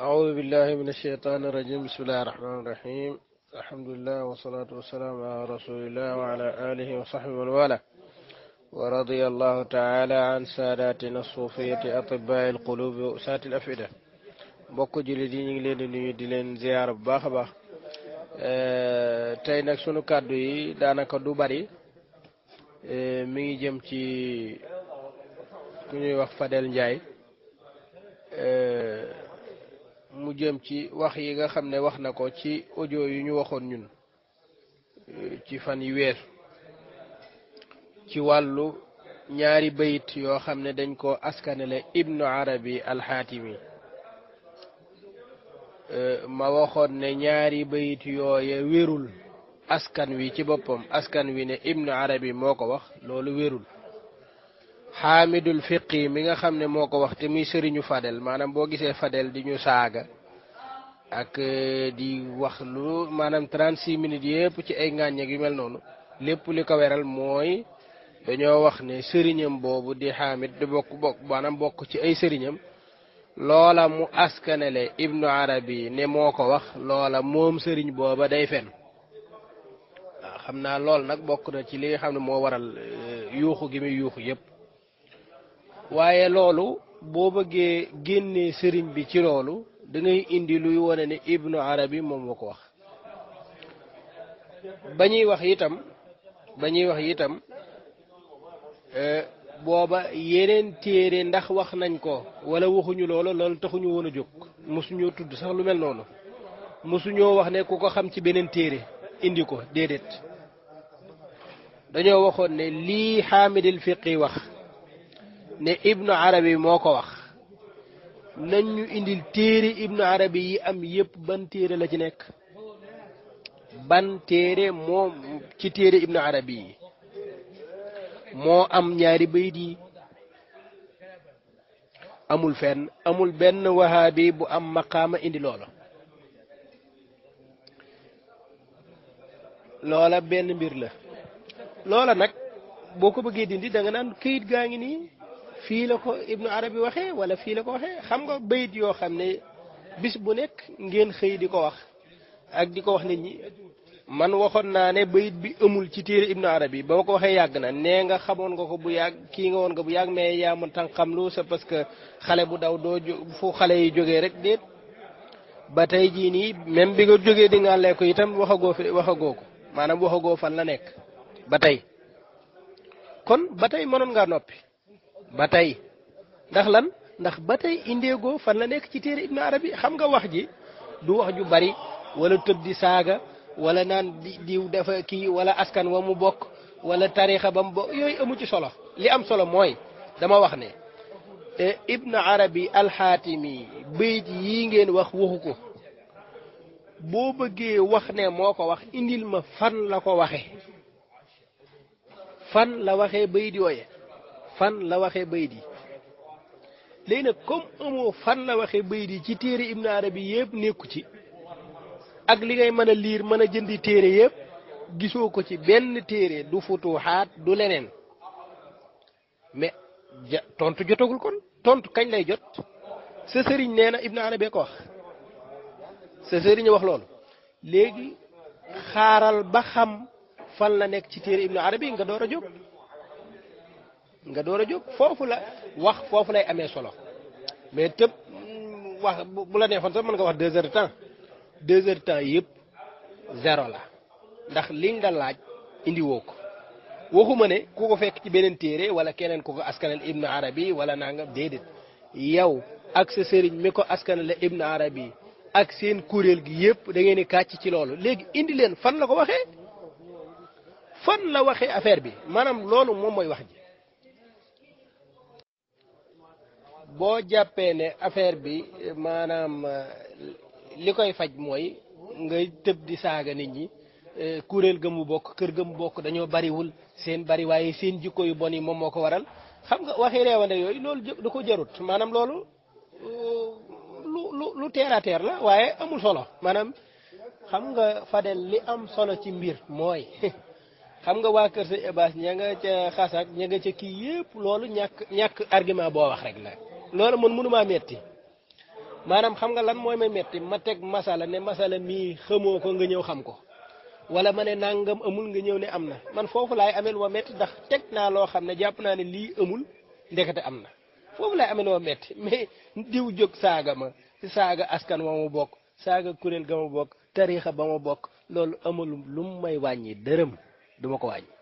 أعوذ بالله من الشيطان الرجيم بسم الله الرحمن الرحيم الحمد لله والصلاة والسلام على رسول الله وعلى آله وصحبه والاه ورضي الله تعالى عن ساداتنا الصوفية أطباء القلوب وأسات الأفئدة بوكو jullit yi ñu ngi نيو دي لين di leen ziyaar bu baax a baax tey nag sunu kàddu yi daanaka du bari mi ngi jëm ci ku ñuy wax Fadel mu jëm ci wax yi nga xam ne wax na ko ci audio yu ñu waxoon ñun euh, ci fan yi weer ci wàllu ñaari bayit yoo xam ne dañ ko askanele ibnu arabi alxaatimi euh, ma waxoon ne ñaari bayit yooye wérul askan wi ci boppam askan wi ne ibnu arabi moo ko wax loolu wérul xaamidul fiqi mi nga xam ne moo ko wax te muy sëriñu Fadel maanaam boo gisee Fadel di ñu saaga ak eh, di wax lu maanaam 36 minutes yëpp ci ay ngàññeeg yu mel noonu lépp li ko weral mooy dañoo wax ne sëriñam boobu di xamid di bokk bokk maanaam bokk ci ay sëriñam loola mu askanele ibnu arabi ne moo ko wax loola moom sëriñ booba day fen waaw xam naa lool nag bokk na ci li nga xam ne moo waral eh, yuuxu gi muy yuuxu yëpp waaye loolu boo bëggee génne sëriñ bi ci loolu dangay indi luy wane ne ibnu arabi moom moo ko wax ba ñuy wax itam bañuy wax itam e, booba yeneen téere ndax wax nañ ko wala waxuñu loolu loolu taxuñu woon a jóg mosuñoo tudd sax lu mel noonu mosuñoo wax ne ku ko xam ci beneen téere indi ko déedéet dañoo waxoon ne lii xaamidil fiqi wax ne ibnu arabi moo ko wax nañu indi indil téere ibnu arabi yi am yépp ban téere la ci nekk ban téere moo ci téere ibnu arabi yi moo am ñaari bayit yi amul fenn amul benn wahabi bu am maqaama indi loola loola benn mbir la loola nag boo ko bëggee dindi da naan këyit gaa ngi nii fii la ko ibnu arabi waxee wala fii la ko waxee xam nga bayit yoo xam ne bis bu nekk ngeen xëy di ko wax ak di ko wax nit ñi man waxoon naa ne bayit bi amul ci téere ibnu arabi ba ma ko waxee yàgg na nee nga xamoon nga ko bu yàgg kii nga woon nga bu yàgg mais yaa mën tan xam lu sa parce que xale bu daw doo fu xale yi jógee rek ba tey jii nii même bi nga jógee di nga lekk ko itam waxagoo fi waxagoo ko maanaam waxagoo fan la nekk ba tey kon ba tey mënoon ngaa noppi ba tey ndax lan ndax ba tey indeegoo fan la nekk ci téere Ibn Arabi xam nga wax ji du wax ju bari wala tëb di saaga wala naan di diw dafa ki wala askan wa mu bokk wala tariixa ba mu bokk yooyu amu ci solo li am solo mooy dama wax ne eh, Ibn Arabi alxaatimi bayit yi ngeen wax waxu ko boo bëggee wax ne moo ko wax indil ma fan la ko waxe fan la waxee bayit yooye fan la waxee bayit yi léegi nag comme amoo fan la waxee bayit yi ci téere Ibn Arabi yëpp nekku ci ak li ngay mën a liir mën a jëndi téere yépp gisoo ko ci benn téere du futuxaat du leneen mais ja jotagul kon tontu kañ lay jot sa sëriñ nee na Ibn Arabi ko wax sa sëriñ wax loolu léegi xaaral ba xam fan la nekk ci téere Ibn Arabi nga door a jóg. nga door a jóg foofu la wax foofu lay amee solo mais tëb mm, wax bu la neexoon sax mën nga wax deux heures de temps deux heures de temps yëpp zéro la ndax li nga laaj indi woo ko waxuma ne ku ko fekk ci beneen téere wala keneen ku ko askanal ibn arabi wala naa nga déedéet yow ak sa sëriñ mi ko askanale ibn arabi ak seen kuréel gi yëpp da ngeen di kàcc ci loolu léegi indi leen fan la ko waxee fan la waxee affaire bi maanaam loolu moom mooy wax ji boo jàppee ne affaire bi maanaam eh, li koy faj mooy ngay tëb di saaga nit ñi eh, kuréel ga mu bokk kër ga mu bokk dañoo bariwul seen bari waaye seen jikko yu bon yi moom moo ko waral xam nga waxi reewande yooyu loolu du ko jarut maanaam loolu eh, lu lu teer la waaye amul solo maanaam xam nga Fadel li am solo ci mbir mooy xam nga waa Kër Sëñ Abass ña nga ca xasak ña nga ca kii yépp loolu ñàkk ñàkk argument boo wax rek la loolu man mënumaa metti maanaam xam nga lan mooy may metti ma teg masala ne masala mii xamoo ko nga ñëw xam ko wala ma ne nangam amul nga ñëw ne am na man foofu laay amel wa ndax teg naa loo xam ne jàpp naa ne lii amul ndekete am na foofu laay amel wa metti mais diw jóg saaga ma saaga askan wa mu bokk saaga kuréel ga ma bokk tariixa ba ma bokk loolu amul lu may wàññi dërëm duma ko wàññi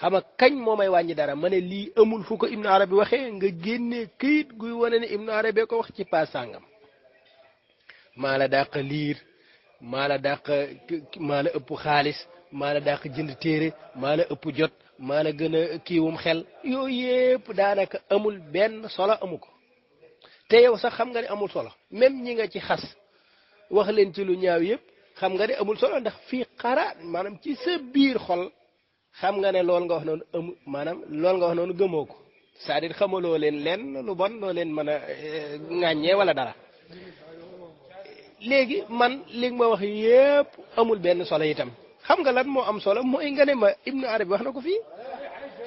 xam nga kañ moo may wàññi dara ma ne lii amul fu ko Ibn bi waxee nga génnee këyit guy wane ne Ibn bee ko wax ci pas sàngam maa la dàq liir maa la dàq maa la ëpp xaalis maa la dàq jënd téere maa la ëpp jot maa la gën a kiiwum xel yooyu yëpp daanaka amul benn solo amu ko te yow sax xam nga ne amul solo même ñi nga ci xas wax leen ci lu ñaaw yépp xam nga ne amul solo ndax fii xara maanaam ci sa biir xol xam nga ne loolu nga wax noonu amu maanaam loolu nga noonu gëmoo ko c'est-à-dire xamaloo leen leen lu bon loo leen mën a eh, ŋàññee wala dara léegi man li ma wax yépp amul benn solo itam xam nga lan moo am solo mooy nga ne ma ibnu arabi wax na ko fii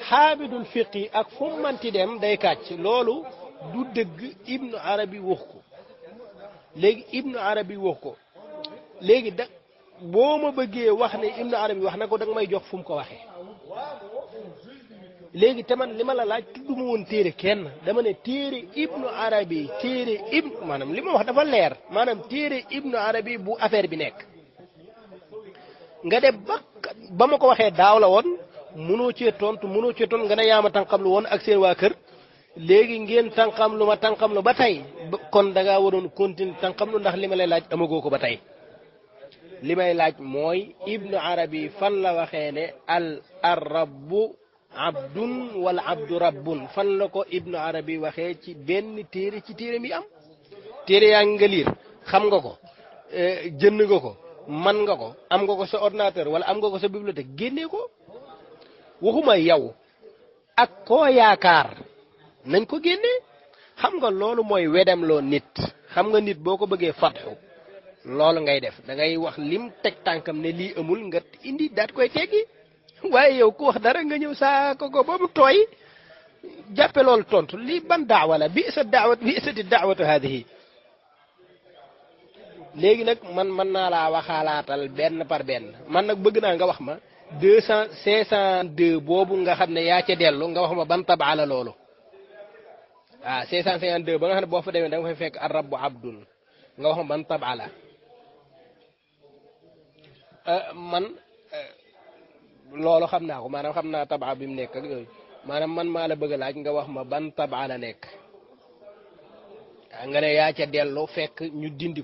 xaabidul fiqi ak fu manti dem day kàcc loolu du dëgg ibnu arabi wax ko léegi ibnu arabi wax ko léegi da boo ma bëggee wax ne Ibnu Arabi wax na ko danga may jox fu mu ko waxee léegi te man li ma la laaj tudd ma woon téere kenn dama ne téere Ibnu Arabi téere ibnu maanaam li ma wax dafa leer maanaam téere Ibnu Arabi bu affaire bi nekk nga dem ba ma ko waxee daaw la woon mënoo cee tontu mënoo cee tontu nga ne yaa ma tànqam woon ak seen waa kër léegi ngeen tànqam lu ma tànqam lu ba tey kon da ngaa waroon continuer tànqam lu ndax li ma lay laaj amagoo ko ba tey. li may laaj mooy ibnu arabi fan la waxee ne al arrabu abdun wala abdu rabbun fan la ko ibnu arabi waxee ci benn téere ci téere mi am téere yaa ngi xam nga ko eh, jënd nga ko man nga ko am nga ko sa ordinateur wala am nga ko sa bibliothèque génne ko waxuma yow ak koo yaakaar nañ ko génnee xam nga loolu mooy wedem loo nit xam nga nit boo ko bëggee fatxu loolu ngay def da ngay wax lim tek tankam ne li amul nga indi dat koy teggi waye yow ku wax dara nga ñew sa ko ko bobu toy jappé loolu tontu li ban da'wa la bi sa da'wat bi sa di hadihi léegi nak man mën naa laa ben par ben, man nak bëgg na nga wax ma 200 502 bobu nga xamne ne ca nga wax ma ban tab'ala ah cinq ba nga xamne bo fa dewe da nga fay fekk ar rabbu nga wax ma ban tab'ala Euh, man euh, loolu xam naa ko maanaam xam naa tabaa bi mu nekk ak yooyu maanaam man maa la bëgg laaj nga wax ma ban tabaa la nekk nga ne yaa ca dellu fekk ñu dindi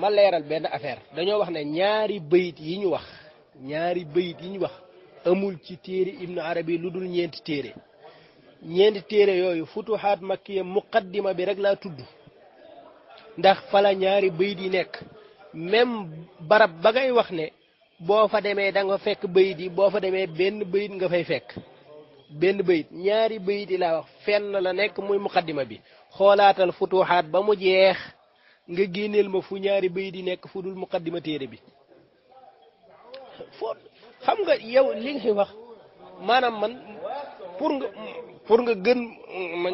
ma leeral benn affaire dañoo wax ne ñaari bayit yi ñu wax ñaari bayit yi ñu wax amul ci téere ibnu arabi lu dul ñeenti téere ñeenti téere yooyu futuhaat makkiya muqaddima bi rek laa tudd ndax fala ñaari bayit yi nekk même barab ba ngay wax ne boo fa demee danga fekk bayit yi boo fa demee benn bayit nga fay fekk benn bayit ñaari bayit yi laa wax fenn la nekk muy muqaddima bi xoolaatal futuxaat ba mu jeex nga génneel ma fu ñaari bayit yi nekk fu dul muqaddima téere bi foo xam nga yow li nga fi wax maanaam man pour nga nga gën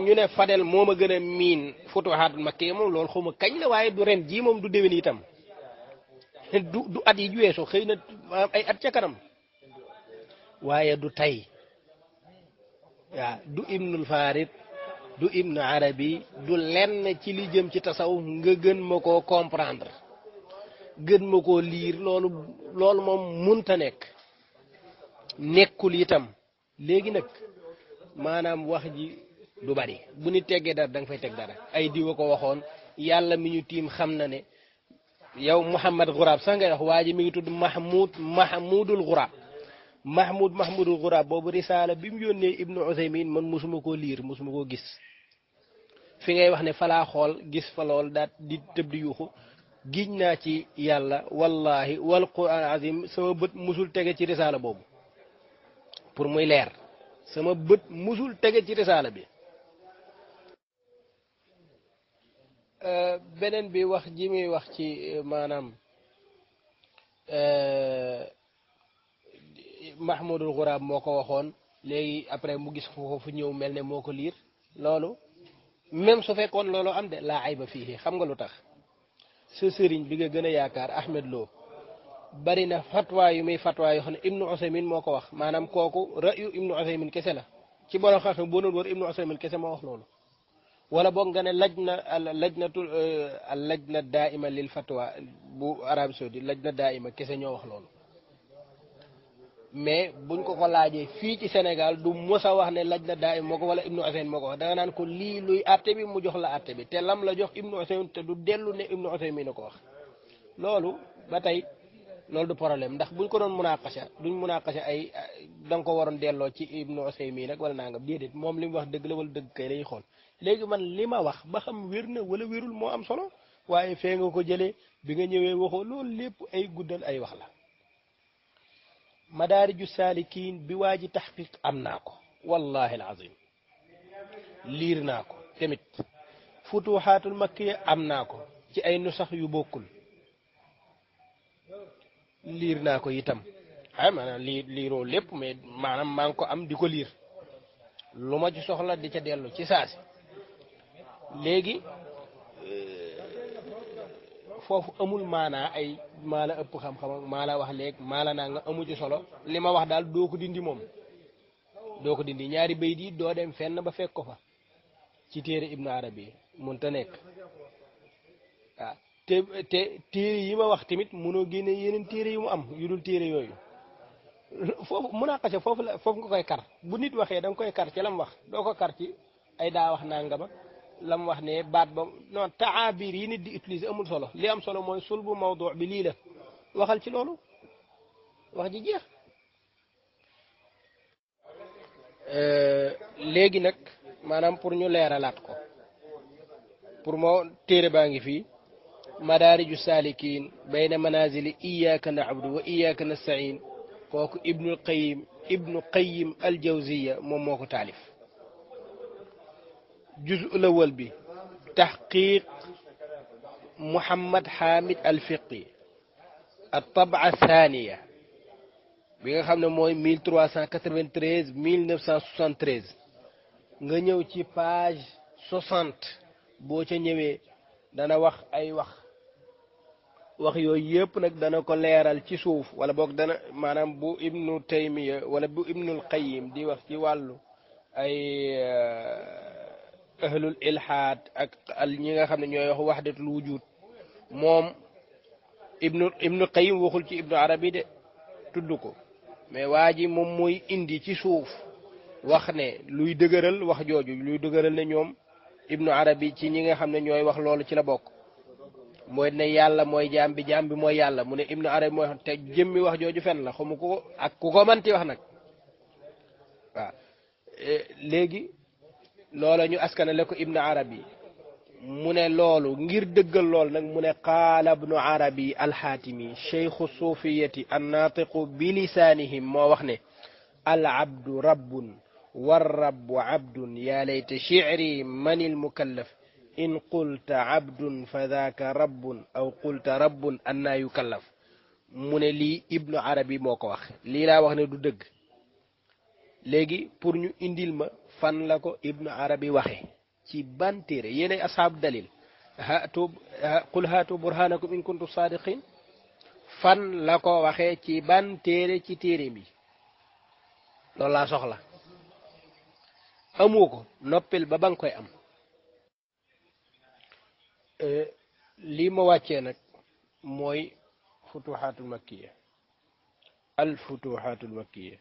ñu ne Fadel moo ma gën a miin futuxaatul makki moom loolu xaw ma kañ la waaye du ren jii moom du déwén itam du du at yi juweeso xëy na ay at ca kanam waaye du tey waaw du ibnul farid du ibnu arabi du lenn ci li jëm ci tasaw nga gën ma ko comprendre gën ma ko liir loolu moom munta nekk nekkul itam léegi nag maanaam wax ji du bari bu ni teggee dara da nga fay teg dara ay diwa ko waxoon yàlla mi ñu tiim xam na ne يو محمد غراب سانغي واجي مي محمود محمود الغراب محمود محمود الغراب بوب رساله بيم يوني ابن عثيمين من مسمكو لير مسمكو غيس فيغي واخني فلا خول غيس فلول دات دي تبد يوخو غيجنا تي يالا والله والقران العظيم سما بوت مسول تيغي تي رساله بوب pour muy leer sama beut musul tege ci risala bi beneen bi wax ji muy wax ci maanaam Mahmoudul Ghuraab moo ko waxoon léegi après mu gis ko fu ñëw mel ne moo ko liir loolu même su fekkoon loolu am de laa ayba fii xam nga lu tax sa sëriñ bi nga gën a yaakaar Ahmed Lo bari na fatwa yu muy fatwa yoo xam ne Ibnu Usaymin moo ko wax maanaam kooku ra'yu Ibnu Usaymin kese la ci borom xam-xam boo doon wër Ibnu Usaymin kese moo wax loolu. wala boog nga ne laj na lajna lajnatu euh, lajna daaima lil fatwa bu arabi saudi lajna daaima kese ñoo wax loolu mais buñ ko ko laajee fii ci Sénégal du mës wax ne lajna daaima moo ko wala ibnu Usayn moo ko wax danga naan ko lii luy atte mu jox la atte bi lam la jox ibnu te du dellu ne ibnu Usayn mi ko wax loolu ba tey loolu du problème ndax buñ ko doon munaqasha duñ munaqasha ay da nga ko waroon delloo ci ibnu Usaymin nag wala nangam déedéet moom li mu wax dëgg la wala dëgg kay lay xool léegi man li ma wax baxam xam wér na wala wérul moo am solo waaye fee nga ko jëlee bi nga ñëwee waxoo loolu lépp ay guddal ay wax la madaariju saalikiin bi waa ji taxqiq am naa ko wallahi alazim liir naa ko tamit futuxaatul makkiya am naa ko ci ay nusax yu bokkul liir naa ko itam ay maanaam lii liiroo lépp mais maanaam maa ngi ko am di ko liir lu ma ci soxla di ca dellu ci saasi léegi euh, foofu amul maanaa ay maa la ëpp xam-xam maa wax léeg maala la naa nga amu ci solo li ma wax daal doo ko dindi moom doo ko dindi ñaari bay yi doo dem fenn ba fekk ko fa ci téere ibnu arabi yi mun te nekk waaw te te téere yi ma wax tamit munoo génne yeneen téere yu mu am yu dul téere yooyu foofu mun a xaca foofu la foofu nga koy kar bu nit waxee danga koy kar ci lam wax doo ko kar ci ay daa wax nangama la mu wax ne baat ba non taabir yi nit di utiliser amul solo li am solo mooy sulbu mawdu bi lii la waxal ci loolu wax ji jeex euh, léegi nag maanaam pour ñu leeralaat ko pour moo téere baa ngi fii madaariju saalikiin bayna manazili iyaaka nacbudu wa iyaaka nastain kooku ibnul qayim ibnu qayim al moom moo ko taalif الجزء الأول به تحقيق محمد حامد الفقي الطبعة الثانية بيغا خامنا موي 1393 1973 nga ñëw ci page 60 bo ca ñewé dana wax ay wax wax yoy yépp nak dana ko léral ci suuf wala bok dana manam bu ibnu taymiya wala bu ibnu al qayyim di wax ci walu ay ahlul ilhaad ak al ñi nga xam ne ñooy wax waxdatul wujud moom ibnu ibnu qayyim waxul ci ibnu arabi de tudd ko mais waa ji moom mooy indi ci suuf wax ne luy dëgëral wax jooju luy dëgëral ne ñoom ibnu arabi ci ñi nga xam ne ñooy wax loolu ci la bokk mooy ne yàlla mooy jaam bi jaam bi mooy yàlla mu ne ibnu arabi mooy te jëmmi wax jooju fen la xamu ko ak ku ko wax nag eh, léegi loola ñu askanale ko ibnu arabi mu ne loolu ngir dëggal lool nag mu ne qaala ibnu arabi alxaatimi cheikhu suufiyati annaatiqu bi lisaanihim moo wax ne al abdu rabbun warrabbu abdun yaa layta chicri man ilmukallaf in qulta abdun fa daaka rabbun aw qulta rabbun annaa yukallaf mu ne lii ibnu arabi moo ko wax lii laa wax ne du dëgg léegi pour ñu indil ma fan la ko ibnu arabi waxe ci ban téere yéenay ashaab dalil hatu qul hatu burhanakum in kuntum sadiqin fan la ko waxee ci ban ci téere bi loolu laa soxla amu ko noppil ba ba koy am euh, lii ma wàccee nag mooy futuxaatul makkiya al futuxaatul makkiya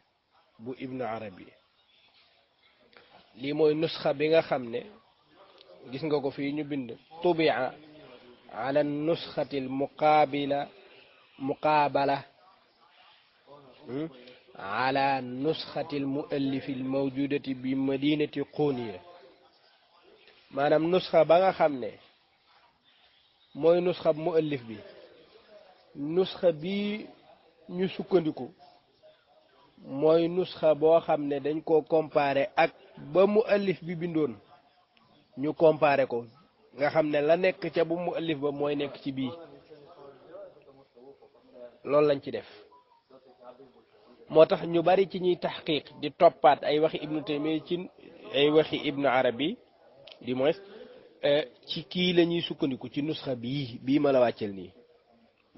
bu ibnu arabi lii mooy nusxa bi nga xam ne gis nga ko fii ñu bind tubia ala nusxati al muqaabila muqaabala hmm? ala nusxati al muallifi al mawjudati bi madinati quniya maanaam nusxa ba nga xam ne mooy nusxa muallif bi nusxa bi ñu sukkandiku mooy nusxa boo xam ne dañ koo compare ak ba mu allif bi bindoon ñu compare ko nga xam ne la nekk ca bu mu allif ba mooy nekk ci bii loolu lañ ci def moo tax ñu bari ci ñuy taxqiq di toppaat ay waxi ibnu taymiya ci ay waxi ibnu arabi du moins euh, ci kii lañuy sukkandiku ci nusxa bii bii ma la wàccel nii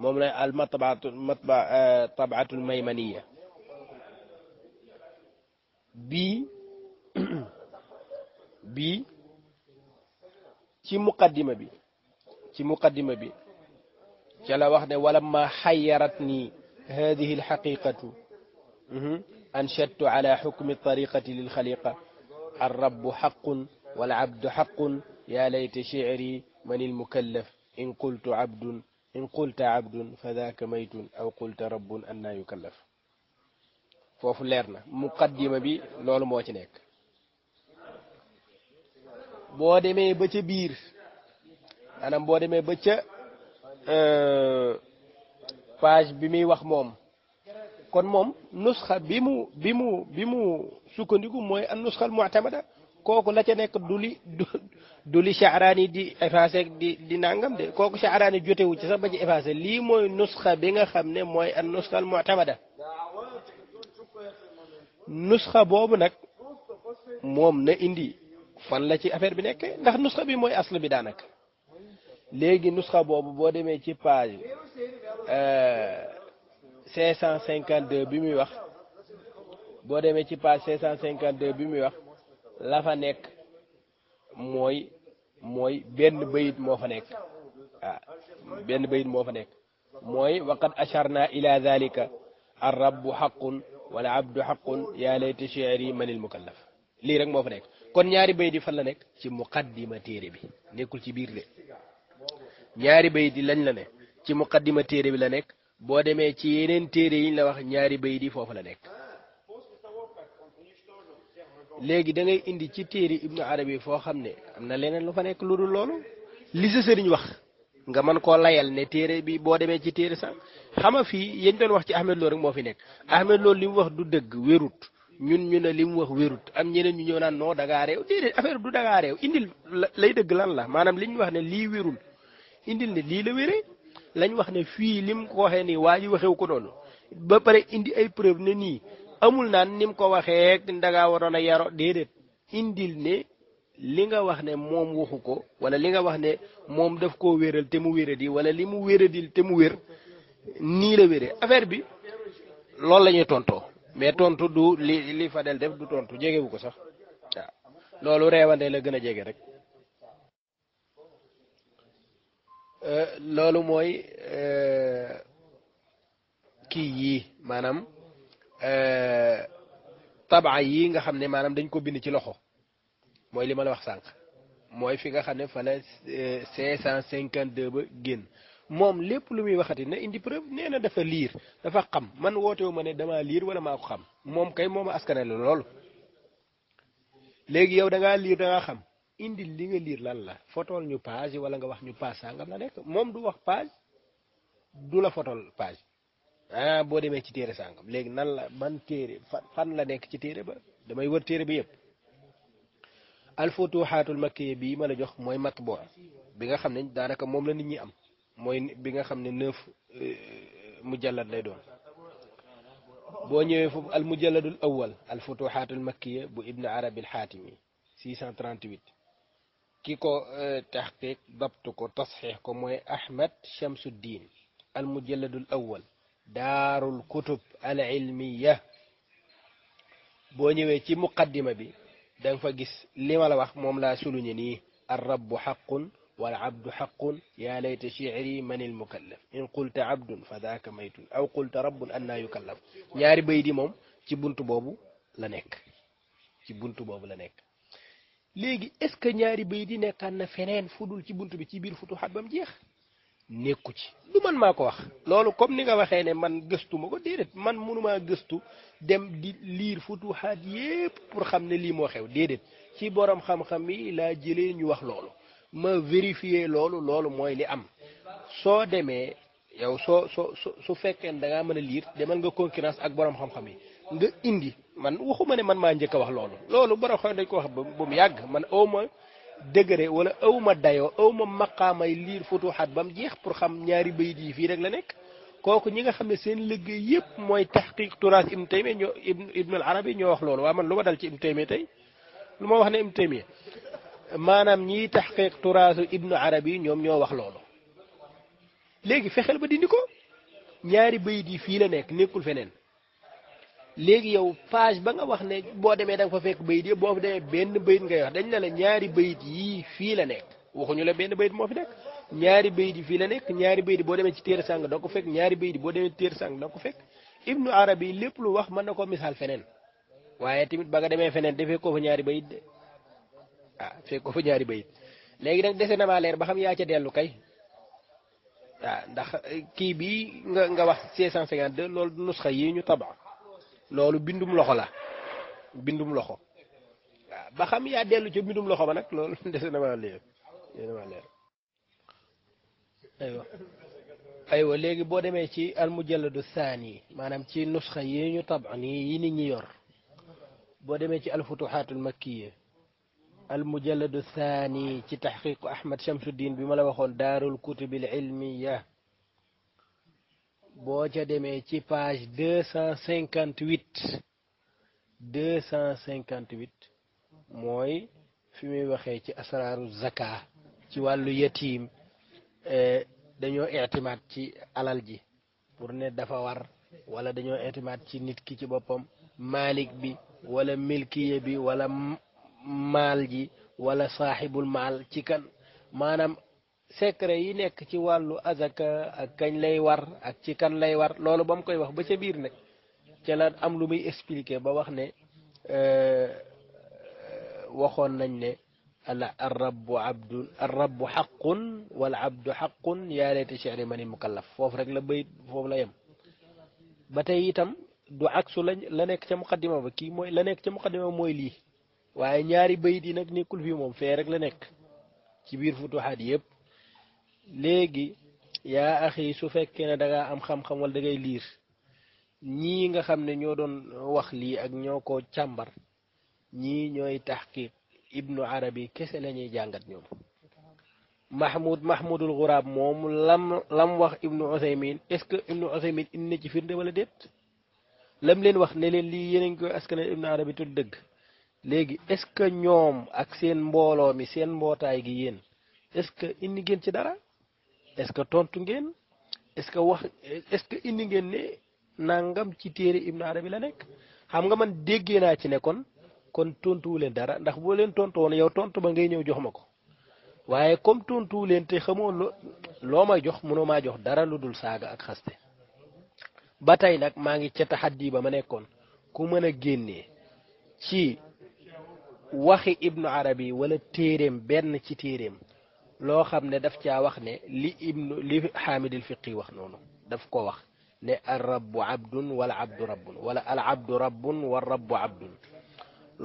moom la al matbaatu matba euh, tabaatul maymaniya bii bii ci muqaddima bi ci muqaddima bi ca la wax ne wala ma xayarat nii هذه الحقيقة أنشدت على حكم الطريقة للخليقة الرب حق والعبد حق يا ليت شعري من المكلف إن قلت عبد إن قلت عبد فذاك ميت أو قلت رب أن يكلف فوف ليرنا مقدمة بي لول موتي نيك boo demee ba ca biir anam boo demee ba ca euh, page bi muy wax moom kon moom nusxa bi mu bi mu bi mu sukkandiku mooy an nusxal mu'tamada kooku la ca nekk du li di effacé di di nangam de kooku Sha'raani jotewu ci sax ba ci effacé lii mooy nusxa bi nga xam ne mooy an nusxal mu'tamada nusxa boobu nag moom na indi fan la ci affaire bi nek ndax nuskha bi moy asl bi danaka legui nuskha bobu bo deme ci page euh cent bi mi wax bo deme ci page cinq bi mi wax la fa nek moy moy benn beuyit mo fa nek ah benn bayit moo fa nek moy waqad asharna ila zalika ar rabb haqqun wal abdu haqqun ya layta shi'ri man al mukallaf li rek mo fa nek kon ñaari bay di fan la nekk ci muqaddima téere bi nekkul ci biir de ñaari bay di lañ la ne ci muqaddima téere bi la nekk boo demee ci yeneen téere yi ñu la wax ñaari bay di foofu la nekk léegi dangay indi ci téere ibnu arabi foo xam ne am na leneen lu fa nekk lu dul loolu li sa wax nga mën koo layal ne téere bi boo demee ci téere sax xama fii yéen doon wax ci Ahmed Lo rek moo fi nekk Ahmed loolu li mu wax du dëgg wérut ñun ñu ne li mu wax wérut am ñeneen ñu ñëw naan noo dangaa réew déedéet affaire du dangaa réew indil lay dëgg lan la maanaam li ñu wax ne lii wérul indil ne lii la wéree lañ wax ne fii lim ko waxee nii waa ji waxewu ko noonu ba pare indi ay preuve ne nii amul naan ni mu ko waxee dangaa waroon a yaro déedéet indil ne li nga wax ne moom waxu ko wala li nga wax ne moom def koo wéral te mu wéradi wala li mu wéradil te mu wér nii la wéree affaire bi loolu lañuy ñuy tontoo mais tontu du li li Fadel def du tontu jegewu ko sax loolu reewande la gën a jege rek euh, loolu mooy euh, kii yii maanaam euh, tabaa yii nga xam ne maanaam dañ ko bind ci loxo mooy li ma la wax sànq mooy fi nga xam ne fa la 552 ba génn mom lépp lu muy waxati na indi preuve neena dafa lire dafa xam man wote wu mané dama lire wala mako xam mom kay mom askane la lol legui yow da nga lire da nga xam indi li nga lire lan la fotol ñu page wala nga wax ñu page sangam la nek mom du wax page du la fotol page ah bo démé ci téré sangam legui nan la man téré fan la nek ci téré ba damay wër téré bi yëpp alfutuhaatul makkiya bii ma la jox mooy matboo bi nga xam ne daanaka moom la nit ñi am moy bi nga xamne ne neuf mujallad lay doon bo ñewé fu al mujalladul awwal al futuhatul makkiyya bu ibn arab al hatimi 638 kiko ko dabtu ko tasxiix ko moy ahmad shamsuddin al mujalladul awwal darul kutub al ilmiyya bo ñewé ci muqaddima bi da nga fa gis li ma la wax mom la suluñe ni ar rabbu xaqun والعبد حق يا ليت شعري من المكلف إن قلت عبد فذاك ميت أو قلت رب ان أنا يكلف نياري بيدي موم تي بونتو بوبو لا نيك تي بونتو بوبو لا نيك ليغي اسك نياري بيدي نيكان نا فنين فودول تي بونتو بي تي بير فوتو حد بام جيخ نيكو تي دو مان ماكو واخ لولو كوم نيغا واخي ني مان گستو مكو ديدت مان مونوما گستو ديم دي لير فوتو حد ييب بور خامني لي مو خيو ديدت تي بوروم خام خامي لا جيلي ني واخ لولو ma vérifier loolu loolu mooy li am soo demee yow soo soo su su fekkee ne da ngaa mën a liir demal nga concurrence ak borom xam-xam yi nga indi man waxuma ne man maa njëkk a wax loolu loolu borom xam dañ ko wax ba mu yàgg man aw ma degré wala aw ma dayoo aw ma maqaamay liir futuxaat ba mu jeex pour xam ñaari bayit yi fii rek la nekk kooku ñi nga xam ne seen liggéey yëpp mooy taxqiq turaas ibnu taymiya ñoo ibnu ibnu al arabi ñoo wax loolu waa man lu ma dal ci ibnu taymiya tey lu ma wax ne ibnu taymiya maanaam ñiy taxqiq turaasu ibnu arabi ñoom ñoo wax loolu léegi fexeel ba dindi ko ñaari bayit yi fii la nekk nekkul feneen léegi yow page ba nga wax ne boo demee da nga fa fekk bayit yi boo fa demee benn bayit ngay wax dañ ne la ñaari bayit yi fii la nekk waxuñu la benn bayit moo fi nekk ñaari bayit yi fii la nekk ñaari bayit boo demee ci téere sàng da ko fekk ñaari bayit boo demee ci téere sàng da ko fekk ibnu yi lépp lu wax mën na ko misaal feneen waaye tamit feneen defee ko ñaari bayit ah fekk ko fa ñaari bayit léegi nag dese na maa leer ba xam yaa ca dellu kay waaw ah, ndax eh, kii bi nga nga wax 652 loolu du nusxa yi ñu taba loolu bindum loxo la bindum loxo waaw ah, ba xam yaa dellu ca bindum loxo ba nag loolu dese na maa leer dese na maa leer aywa aywa léegi boo demee ci almujalladu saani maanaam ci nusxa yi ñu taba nii yi nit ñi yor boo demee ci ma kii المجلد الثاني في تحقيق احمد شمس الدين بما لا وخون دار الكتب العلميه بو جا ديمي 258 258 موي في وخي في اسرار الزكاه في والو يتيم ا اعتماد في الالجي جي بور ولا دانيو اعتماد في نيت كي سي مالك بي ولا ملكي بي ولا maal ji wala saaxibul maal ci kan maanaam secret yi nekk ci wàllu azaka ak kañ lay war ak ci kan lay war loolu ba mu koy wax ba ca biir nag ca la am lu muy expliquer ba wax ne euh, waxoon nañ ne ala arrabu abdu arrabu xaqun wala abdu xaqun yaa leeta cheri mani mukallaf foofu rek la bayit foofu la yem ba tey itam du aksu la nekk ca muqaddima ba kii mooy la nekk mooy lii waaye ñaari bayit yi nag nekkul fii moom fee rek la nekk ci biir futuxaat yëpp léegi yaa axi su fekkee ne dangaa am xam-xam wala da ngay liir ñii nga xam ne ñoo doon wax lii ak ñoo ko càmbar ñii ñooy taxqiq ibnu arabi kese la ñuy jàngat ñoom mahmoud mahmoudul guraab moom lam lam wax ibnu usaymin est ce que ibnu usaymin indi na ci firnde wala déet lam leen wax ne leen lii yéen a ngi koy askanal ibnu arabi tul dëgg léegi est-ce que ñoom ak seen mbooloo mi seen mbootaay gi yéen est-ce que indi ngeen ci dara est-ce que tontu ngeen est-ce que wax est-ce que indi ngeen ne nangam ci téere Ibn Arabi la nekk xam nga man déggee naa ci nekkoon kon kon tontuwu leen dara ndax boo leen tontu woon yow tontu ba ngay ñëw jox ma ko waaye comme tontuwu leen te xamoo loo may jox mënoo maa jox dara lu dul saaga ak xaste ba tey nag maa ngi ca taxaddi ba ma nekkoon ku mën a génnee ci waxi ibnu arabi wala téeréem benn ci téeréem loo xam ne daf caa wax ne li ibnu li xaamidil fiqi wax noonu daf ko wax ne al rabbu abdun wala abdu rabbun wala al abdu rabbun wa rabbu abdun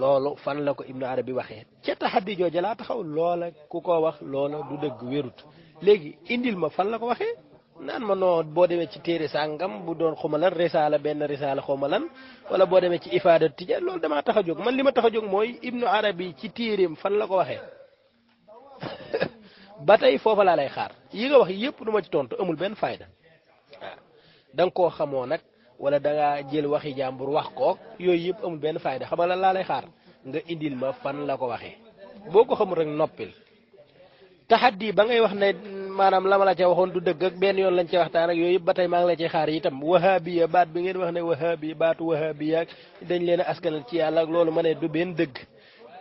loolu fan la ko ibnu arabi waxee ca taxaddi jooja laa taxaw loola ku ko wax loola du dëgg wérut léegi indil ma fan la ko waxee naan ma noo boo demee ci téere sàngam bu doon xumalan risaala benn risaala xumalan wala boo demee ci ifaada tija loolu damaa tax a jóg man li ma tax a jóg mooy ibnu arabi ci téereem fan la ko waxee ba tey foofa laa lay xaar yi nga yëpp du ci tontu amul benn fayda waaw da xamoo nag wala da ngaa jël waxi jàmbur wax kook yooyu yëpp amul benn fayda xam nga lan laa lay xaar nga indil ma fan la ko waxee boo ko xamul rek noppil taxaddi ba ngay wax ne maanaam la la ca waxoon du dëgg ak benn yoon lañ ca waxtaan ak yooyu yëpp ba tey maa ngi la ci xaar itam wahabiya baat bi ngeen wax ne wahabi baatu wahabiya ak dañ leen a ci yàlla ak loolu ma ne du benn dëgg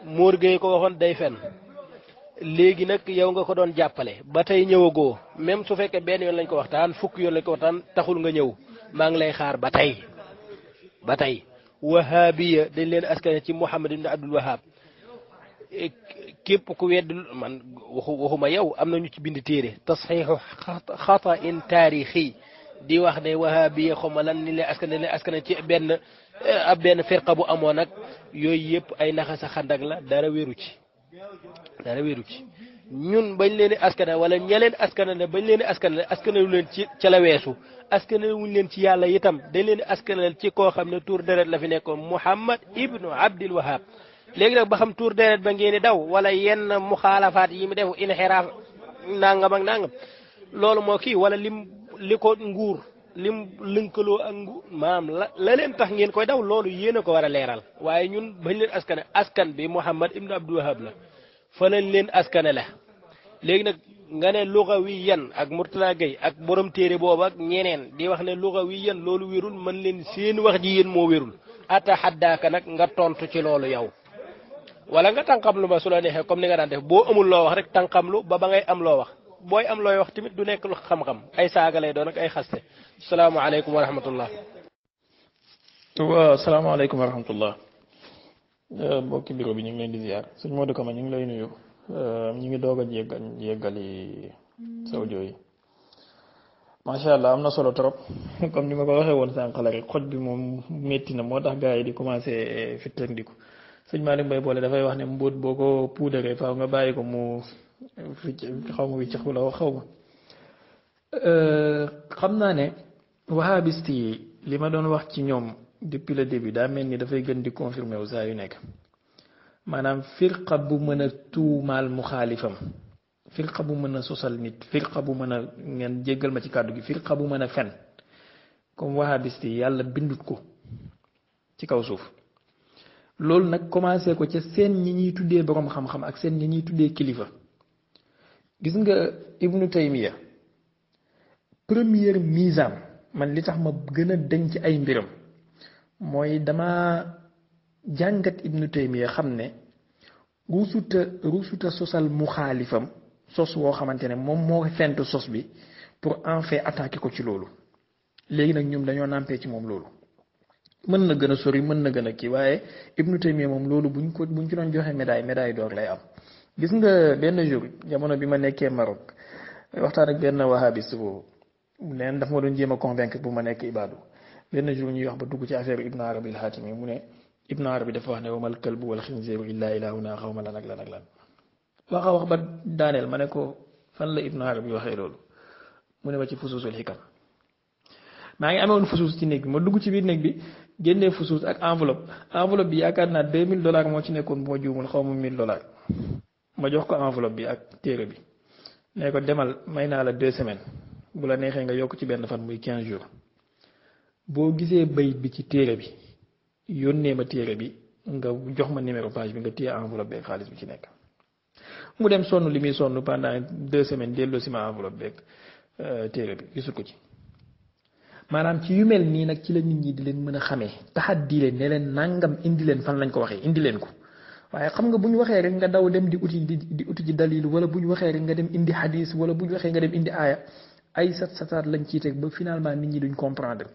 Mor Gueye ko waxoon day fen nag yow nga ko doon jàppale ba tey ñëwagoo même su fekkee benn yoon lañ ko waxtaan fukk yoon lañ ko taxul nga ñëw maa ngi lay xaar ba tey ba tey wahabiya dañ leen askane ci Muhammad ibn Abdul képp ku wedd man waxu waxuma yow am na ñu ci bind téere tasxiixu xata in taarixi di wax ne wahabiya xoma lan ni leen askan ne leen ci benn ab benn firqa bu amoon nag yooyu yëpp ay naxasa xandak la dara wéeru ci dara wéru ñun bañ leen askana wala ña leen askana bañ leen askana askanalu leen ci ca la weesu askanawuñ leen ci yàlla itam dañ leen askanal ci koo xam ne tur deret la fi nekkoon Muhammad ibnu Abdil Wahab léegi nag ba xam tuur deret ba ngeen di daw wala yenn muxaalafaat yi mu def inxiraaf nangam ak nangam loolu moo kii wala lim li ko nguur lim lënkaloo ak nguur maam la la leen tax ngeen koy daw loolu yéen a ko war a leeral waaye ñun bañ leen askane askan bi Muhammad ibnu Abdul Wahab la fa lañ leen askane la léegi nag nga ne luxa wi yan ak Murtala Gay ak borom téere booba ak ñeneen di wax ne luxa wi yan loolu wérul man leen seen wax ji yéen moo wérul ataxaddaaka nag nga tontu ci loolu yow wala nga tànqamlu ba su la neexee comme ni nga daan def boo amul loo wax rek tànqamlu ba ba ngay am loo wax booy am looy wax tamit du nekk lu xam-xam ay saaga lay doon ak ay xaste salaamaaleykum wa rahmatullah salaamaaleykum wa rahmatullah euh, mbokki bureau bi ñu ngi leen di ziar suñ moo dëkka ma ñu ngi lay nuyu euh, ñu ngi doog a jéggal jéggali saw jooyi macha allah am na solo trop comme ni ma ko waxee woon sànq la rek xoj bi moom métti na moo tax gars yi di commencé fittandiku sëñ Malick Mbaye boole dafay wax ne mbóot boo ko puudaree faaw nga bàyyi ko mu xaw ma wiccax la wax xaw ma xam naa ne wahabist yi li ma doon wax ci ñoom depuis le début daa mel ni dafay gën di confirmer wu saa yu nekk maanaam firqa bu mën a tuumaal mu xaalifam firqa bu mën a sosal nit firqa bu mën a ngeen jéggal ma ci kàddu gi firqa bu mën a fen comme wahabist yi yàlla bindut ko ci kaw suuf loolu nag commencé ko ca seen ñi ñuy tuddee boroom xam-xam ak seen ñi ñuy tuddee kilifa gis nga ibnu taymiya première misam man li tax ma gën a denc ay mbiram mooy dama jàngat ibnu taymiya xam ne ruusuta ruusuta sosal mu xaalifam sos woo xamante ne moom moo fent sos bi pour en fait attaquer ko ci loolu léegi nag ñoom dañoo nàmpee ci moom loolu من نغنا سوري من نغنا كي واي ابن تيميه موم لولو بوين كو بوين كو دون جوخي ميداي دور لاي ام غيس نغا بن جور جامونو بيما نيكي ماروك وقتان اك بن سبو نين داف دون جيما كونفينك بوما نيكي ابادو بن جور ني واخ با دوجو سي افير ابن عربي الحاتمي مو ابن عربي دافا واخ الكلب والخنزير الا اله هنا خوما لا نك لا نك لا واخا واخ با دانيل مانيكو ابن عربي واخي لولو مو ني با سي فصوص الحكم ماغي امون فصوص تي نيك ما دوجو سي بيت نيك بي génnee fusuus ak enveloppe enveloppe bi yaakaar naa 2000 dollars moo ci nekkoon bu ma juumul xaw ma 1000 jox ko enveloppe bi ak téere bi ne ko demal may naa la deux semaines bu la neexee nga yokk ci benn fan muy quinze jours boo gisee bayit bi ci téere bi yónnee ma téere bi nga jox ma numéro page bi nga téye enveloppe beeg xaalis bi ci nekk. mu dem sonn li muy sonn pendant deux semaines delloo si ma enveloppe beeg euh, téere bi gisu ko ci. maanaam ci yu mel nii nag ci la nit ñi di leen mën a xamee taxaddi leen ne leen nangam indi leen fan lañ ko waxee indi leen ko waaye xam nga bu ñu waxee rek nga daw dem di uti di uti ji dalil wala bu ñu waxee rek nga dem indi hadis wala bu ñu waxee nga dem indi aaya ay sat sataat lañ ciy teg ba finalement nit ñi duñ comprendre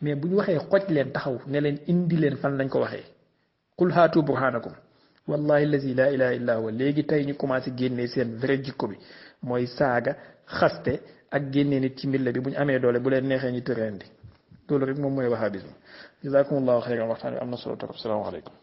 mais bu ñu waxee xoj leen taxaw ne leen indi leen fan lañ ko waxee qul haatu burhanakum wallahi lazi la ilaha illa huwa léegi tey ñu commencé génnee seen vrai jikko bi mooy saaga xaste ak génne nit ci mbilla bi buñ amé doole bu leen neexee ñu tërandi loolu rek mom moy wahabisme jazakumullahu khairan wa bi amna salatu wa torop alaykum